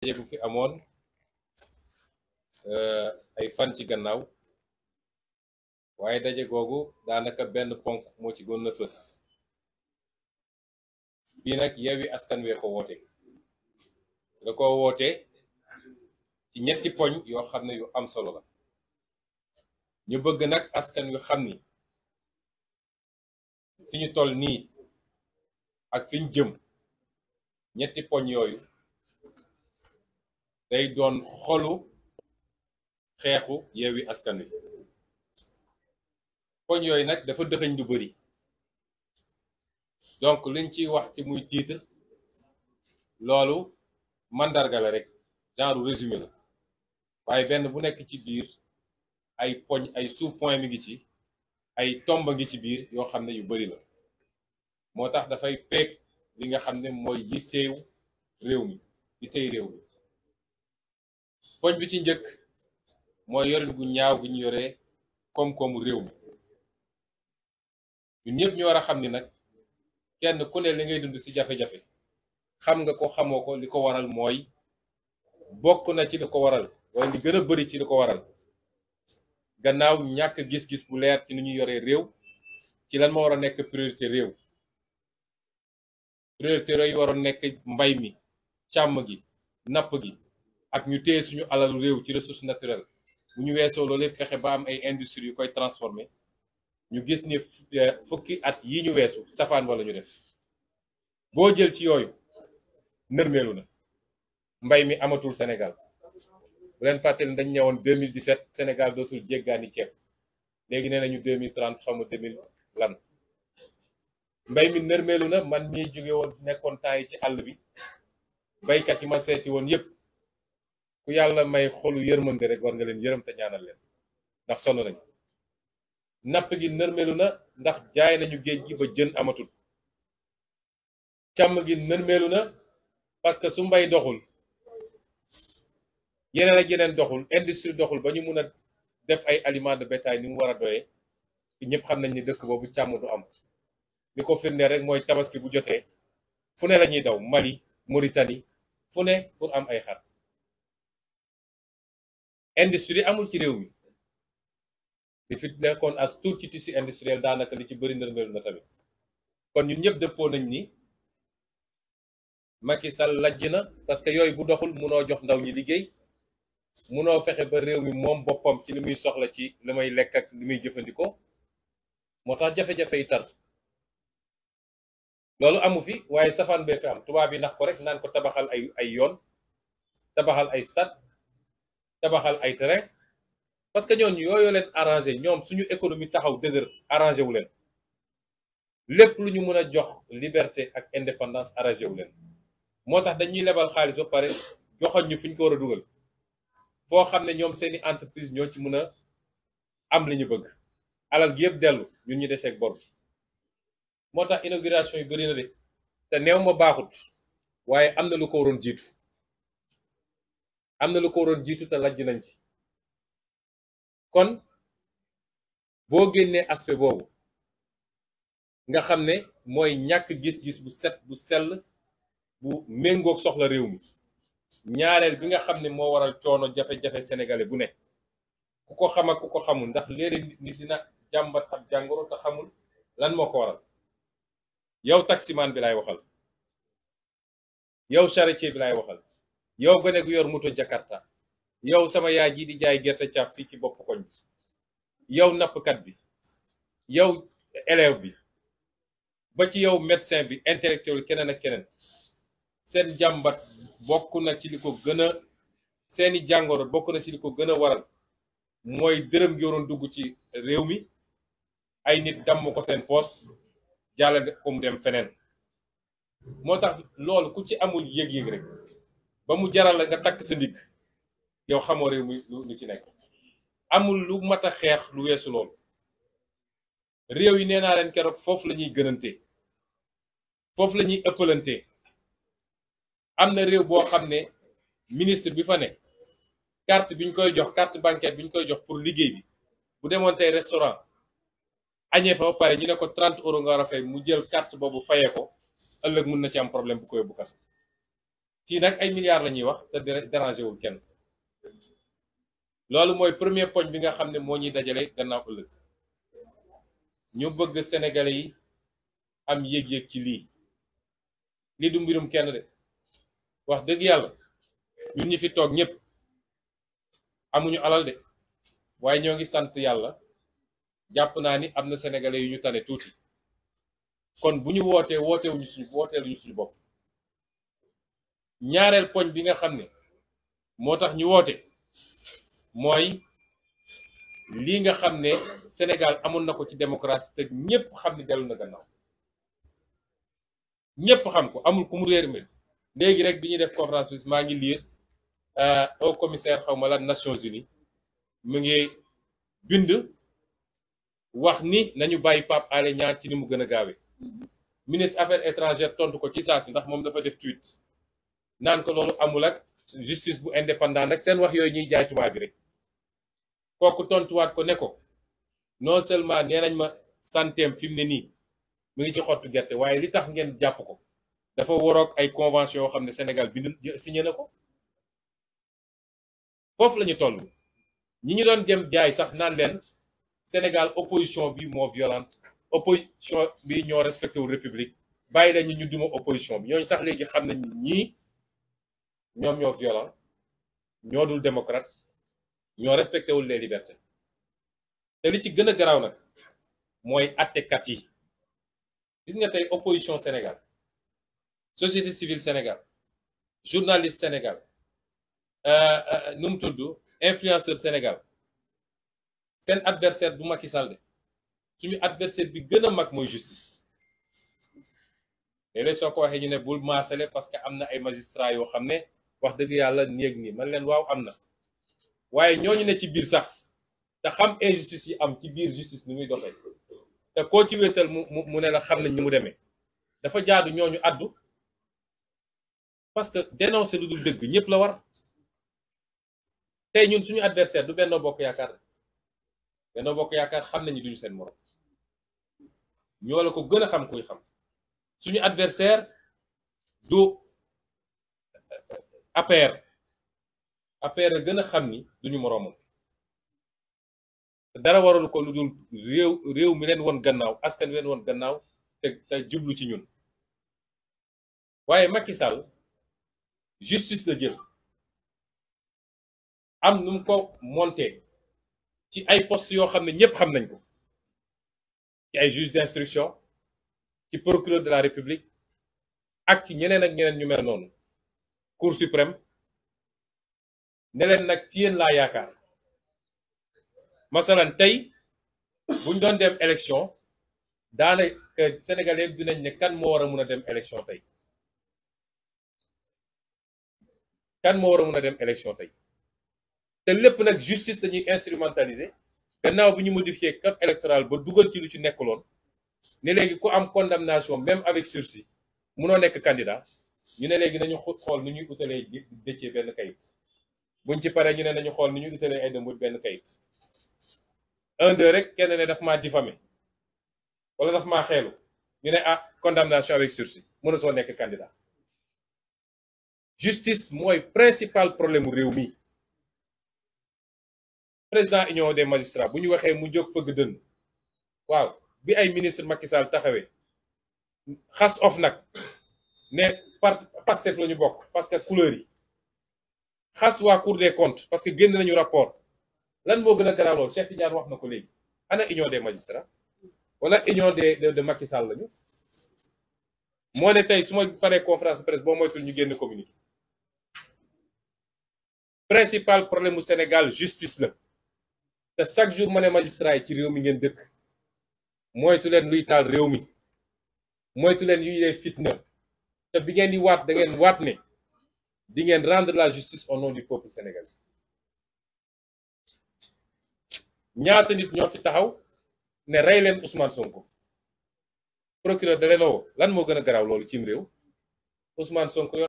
daje bu fi amoon eh, ay fan ci gannaaw waaye daje googu daanaka benn ponk moo ci gën a fës bii nag Yewwi Askan Wi ko woote la ko woote ci ñetti poñ yoo xam ne yu am solo la ñu bëgg nag askan yu xam ni fiñu ñu toll nii ak fi jëm ñetti poñ yooyu day doon xolu xeexu Yewwi Askan Wi poñ yooyu nag dafa dëxëñ lu bari donc liñ ciy wax ci muy titre loolu mandarga la rek genre résumé la waaye benn bu nekk ci biir ay poñ ay sous point mi ngi ci ay tomba ngi ci biir yoo xam ne yu bari la moo tax dafay peeg li nga xam ne mooy yitteew réew mi yitteey réew mi poñ bi ci njëkk mooy yorin gu ñaaw gu ñu yoree koom-koomu réew mi ñun ñëpp ñu war a xam ni nag kenn ku ne li ngay dund si jafe-jafe xam nga ko xamoo ko li ko waral mooy bokk na ci li ko waral wala li gën bari ci li ko waral gannaaw ñàkk gis-gis bu leer ci ni ñu yoree réew ci lan ma war a nekk priorité réew priorité yooyu nekk mbay mi càmm gi napp gi ak ñu téye suñu alal réew ci ressource naturelle bu ñu weesoo loolu fexe ba am ay industrie yu koy transformer ñu gis ni euh, fukki at yi ñu weesu safaan wala ñu def boo jël ci yooyu nërmeelu na mbay mi amatul senegal bu leen fàttali dañ ñëwoon 2017 Sénégal dootul jéggaani ceeb léegi nee nañu 2030 xaw ma 2000 lan mbay mi nërmeelu na man mii jóge woon nekkoon temps ci àll bi baykat yi ma seeti woon yépp ku yàlla may xolu yërmande rek war nga leen yërëm te ñaanal leen ndax sonn nañ napp gi nërmelu na ndax jaay nañu géej gi ba jën amatul càmm gi nërmeelu na parce que su mbay doxul yeneen ak yeneen doxul industrie doxul ba ñu mun a def ay aliments de bétail ni mu war a doyee ñëpp xam nañ ni dëkk boobu càmm du am li ko firndee rek mooy tabaski bu jotee fu ne la ñuy daw Mali Mauritanie fu ne pour am ay xar industrie amul ci réew mi li fi nekkoon as tuur ci tissu industriel daanaka li ci bëri ndërmeelu na tamit kon ñu ñëpp dëppoo nañ ni Macky Sall lajj na parce que yooyu bu doxul mënoo jox ndaw ñi liggéey mënoo fexe ba réew mi moom boppam ci li muy soxla ci li may lekk ak li muy jëfandikoo moo tax jafe-jafe yi tar loolu amu fi waaye safaan bee fi am tubaab yi ndax ko rek naan ko tabaxal ay ay yoon tabaxal ay stade tabaxal ay terrain parce que ñoon yooyu leen arrangé ñoom suñu économie taxaw dëgër arrangé wu leen lépp lu ñu mën a jox liberté ak indépendance arrangé wu moo tax dañuy lebal xaalis ba pare joxoon ñu fi ñu ko war a dugal foo xam ne ñoom seeni entreprise ñoo ci mën a am li ñu bëgg alal gi yëpp dellu ñun ñu deseeg bor bi moo tax inauguration yu bëri de te neew ma baaxut waaye am na lu ko waroon jiitu am na lu ko waroon jiitu te lajj nañ ci kon boo génnee aspect boobu nga xam ne mooy ñàkk gis-gis bu set bu sell bu méngoog soxla réew mi ñaareel bi nga xam ne moo waral coono jafe-jafe sénégalais bu ne ku ko xam ku ko xamul ndax léeg-léeg nit dina jàmbat ab jàngoro te xamul lan moo ko waral yow taximaan bi lay waxal yow charretier bi lay waxal yow gone gu yor moto Jakarta yow sama yaay ji di jaay gerte caaf fii ci bopp koñ bi yow nappkat bi yow élève bi ba ci yow médecin bi intellectuel keneen ak keneen seen jàmbat bokk na ci li ko gën a seeni jàngoro bokk na ci li ko gën a waral mooy dërëm gi waroon dugg ci réew mi ay nit damm ko seen poos jàllale ko mu dem feneen moo tax loolu ku ci amul yëg-yëg rek ba mu jaral la nga takk sa ndigg yow xamoo réew mi lu ci nekk amul lu mata xeex lu weesu loolu réew yi nee naa leen keroog foofu la ñuy gënante foofu la ñuy ëppalante am na réew boo xam ne ministre bi fa ne carte bi ñu koy jox carte bancaire bi ñu koy jox pour liggéey bi bu demoon tey restaurant añee fa ba pare ñu ne ko 30 euros nga war a fay mu jël carte boobu fayee ko ëllëg mun na ci am problème bu koy bu kaso kii nag ay milliards la ñuy wax te dérangé kenn loolu mooy premier poñ bi nga xam ne moo ñuy dajale gannaaw ëllëg ñu bëgg senegale yi am yëg-yëg ci lii lii du mbirum kenn de wax dëgg yàlla ñun ñi fi toog ñëpp amuñu alal de waaye ñoo ngi sant yàlla jàpp naa ni am na senegale yu ñu tane tuuti kon bu ñu wootee wootewuñu suñu wooteeluñu suñu bopp ñaareel poñ bi nga xam ne moo tax ñu woote mooy lii nga xam ne Sénégal amoon na ko ci démocratie te ñépp xam ne dellu na gannaaw ñépp xam ko amul ku mu réer mel léegi rek bi ñuy def conférence bis maa ngi lire euh, au commissaire xaw ma la Nations Unies mu ngi bind wax ni nañu bàyyi Pape Alé ñaar ci ni mu gën a gaawe mm-hmm. ministre affaires étrangères tontu ko ci saa si ndax moom dafa def tweet naan ko loolu amul ak justice bu indépendant rek seen wax yooyu ñuy jaay tubaab bi rek kooku tontuwaat ko ne ko non seulement nee nañ ma santeem fi mu ne nii mu ngi ci xottu gerte waaye li tax ngeen jàpp ko dafa waroog ay convention yoo xam ne Sénégal bind signé na ko foofu la ñu toll ñi ñu doon dem jaay sax naan leen Sénégal opposition bi moo violente opposition bi ñoo respecté wu république bàyyi la ñu ñu duma opposition bi ñooñu sax léegi xam nañ ñii ñoom ñoo violent ñoo dul démocrate ñoo respecté wul les te li ci gën a garaaw nag mooy attekat yi gis nga tey opposition Sénégal société civile Sénégal journaliste Sénégal euh, euh, nu mu tudd influenceur Sénégal seen adversaire du Macky Sall de suñu adversaire bi gën a mag mooy justice léeg-léeg soo ko waxee ñu ne bul maasale parce que am na ay magistrats yoo xam ne wax dëgg yàlla néeg nii man leen waaw am na waaye ñoo ñu ne ci biir sax te xam injustice yi am ci biir justice ni muy doxee te koo ci wéetal mu mu ne la xam nañ ni mu demee dafa jaadu ñooñu addu parce que dénoncer lu dul dëgg ñëpp la war tey ñun suñu adversaire du Benno Bokk Yaakaar Benno Bokk Yaakaar xam nañu duñu seen morom ñoo la ko gën a xam kuy xam suñu adversaire du APR APR a gën a xam ni duñu moroomam te dara waralu ko lu réew réew mi leen woon gannaaw askan wi leen woon gannaaw te jublu ci ñun waaye Macky Sall justice la jël am nu ko monté ci ay post yoo xam ne ñëpp xam nañ ko ci ay juge d'instruction ci procureur de la République ak ci ñeneen ak ñeneen ñu mel noonu cour suprême ne leen nag ci yéen laa yaakaar masalan tey buñ doon dem élection daanaka sénégalais dinañ ne kan moo war a a dem élection tey kan moo war a mun a dem élection tey te lépp nag justice dañuy instrumentaliser gannaaw bi ñu modifié code électoral ba dugal ci lu ci nekkuloon ne léegi ku am condamnation même avec sursis munoo nekk candidat ñu ne léegi nañu xool nu ñuy utalee Déthié benn kayit buñ ci paree ñu ne nañu xool nu ñuy utalee Aïda Mbodj benn kayit un deux rek kenn ne daf maa diffamé wala daf ma xeelu ñu ne ah condamnation avec sursis mëna soo nekk candidat justice mooy principal problème mu réew mi président union des magistrats bu ñu waxee mu jóg fëgg dënn waaw bi ay ministre Macky Sall taxawee xas of nag ne par Pastef la ñu bokk parce que couleur yi xas waa Cour des comptes parce génn nañu rapport lan moo gën a garaaw loolu Cheikh wax na ko léegi ana union des magistrats wala union des de de Macky lañu moo ne tey su ma paree conférence presse boo moytul ñu génn communiqué principal problème mu Sénégal justice la te chaque jour ma ne magistrat yi ci réew mi ngeen dëkk moytu leen luy taal réew mi moytu leen yu ñuy fitna. te bi ngeen di waat da waat ne di ngeen rendre la justice au nom du peuple sénégalais ñaata nit ñoo fi taxaw ne rey leen Ousmane Sonko procureur da leen lan moo gën a garaaw loolu cim réew Ousmane Sonko